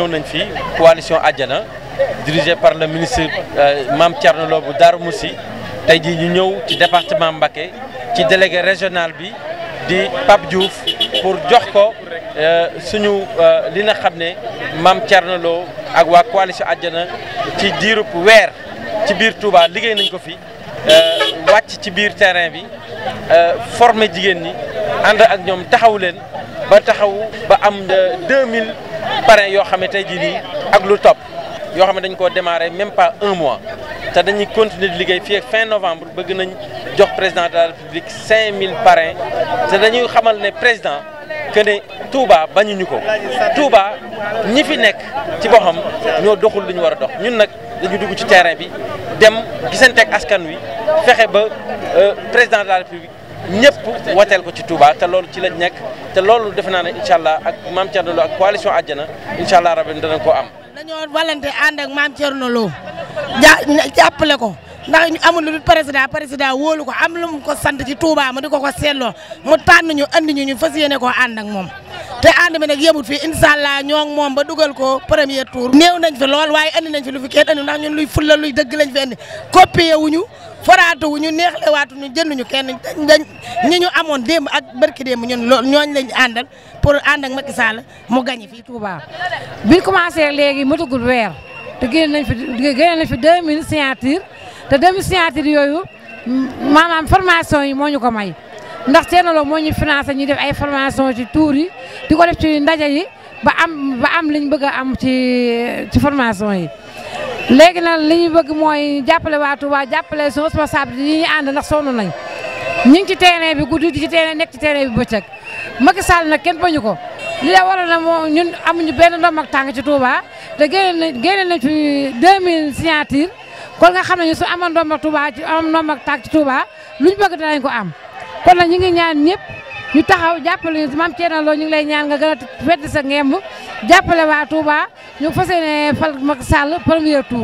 ñëw nañ fi coalition Adiana dirigée par le ministre euh, Mame Thierno Lo bu Darou Moussi tey jii ñu ñëw ci département Mbacké ci délégué régional bi di Pape Diouf pour jox ko euh, suñu euh, li nga xam ne Mame Thierno ak waa coalition Adiana ci diirub weer ci biir Touba liggéey nañ ko fi wàcc ci biir terrain bi former jigéen ñi ànd ak ñoom taxaw leen ba taxaw ba am parrain yoo xam ne tey jii nii ak lu topp yoo xam ne dañ ko démarrer même pas un mois te dañuy continuer di liggéey fii ak fin novembre bëgg nañ jox président de la république 5000 parrains te dañuy xamal ne président que ne bañuñu ko Touba ñi fi nekk ci boppam ñoo doxul lu ñu war a dox ñun nag dañu dugg ci terrain bi dem gisanteeg askan wi fexe ba euh, président de la république. ñëpp woteel ko ci Touba te loolu ci lañ nekk te loolu defe naa ne incha allah ak maam Thierno Lo ak coalition Àjjana incha allah rabi danañ ko am. dañoo walante ànd ak maam Thierno Lo ja jàppale ko ndax ñu amul lu président président wóolu ko am lu mu ko sant ci Touba mu di ko ko seetloo mu tànn ñu andi ñu ñu fas yéene ko ànd ak moom. te ànd mi nag yemut fi incha allah ñoo moom ba dugal ko premier tour. néew nañ fi lool waaye andi nañ fi lu fi kenn andi ndax ñun luy fulla luy dëgg lañ fi andi copié wuñu foraatu wuñu neexle waatuñu jënduñu kenn dañ ñi ñu amoon démb ak barki démb ñu lool ñooñ lañ àndal pour ànd ak Macky Sall mu gagné fii Touba. bi commencé léegi matagul weer te génn nañ fi génn nañ fi 2000 signature te 2000 signature yooyu maanaam formation yi moo ñu ko may. ndax Thierno Lo moo ñu financé ñu def ay formation ci tuur yi di ko def ci ndaje yi ba am ba am liñ ñu bëgg a am ci ci formation yi. léegi nag li ñu bëgg mooy jàppale waa Touba jàppale suñu responsable yi ñu ànd ndax sonn nañ ñu ngi ci terrain bi guddi di ci terrain nekk ci terrain bi bëccëg Macky Sall nag kenn bañu ko. li la waroon na moo ñun amuñu benn ndoom mag tàng ci Touba te na nañ génne nañ ci 2000 signature kon nga xam ne ñu su amoon ndoom ak Touba ci amoon ndoom ak tàng ci Touba luñ bëgg danañ ko am. kon nag ñu ngi ñaan ñëpp ñu taxaw jàppale ñu maam Thierno Lo ñu ngi lay ñaan nga gën a weddi sa ngemb jàppale waa Touba ñu fas yéene fal Macky Sall premier tour.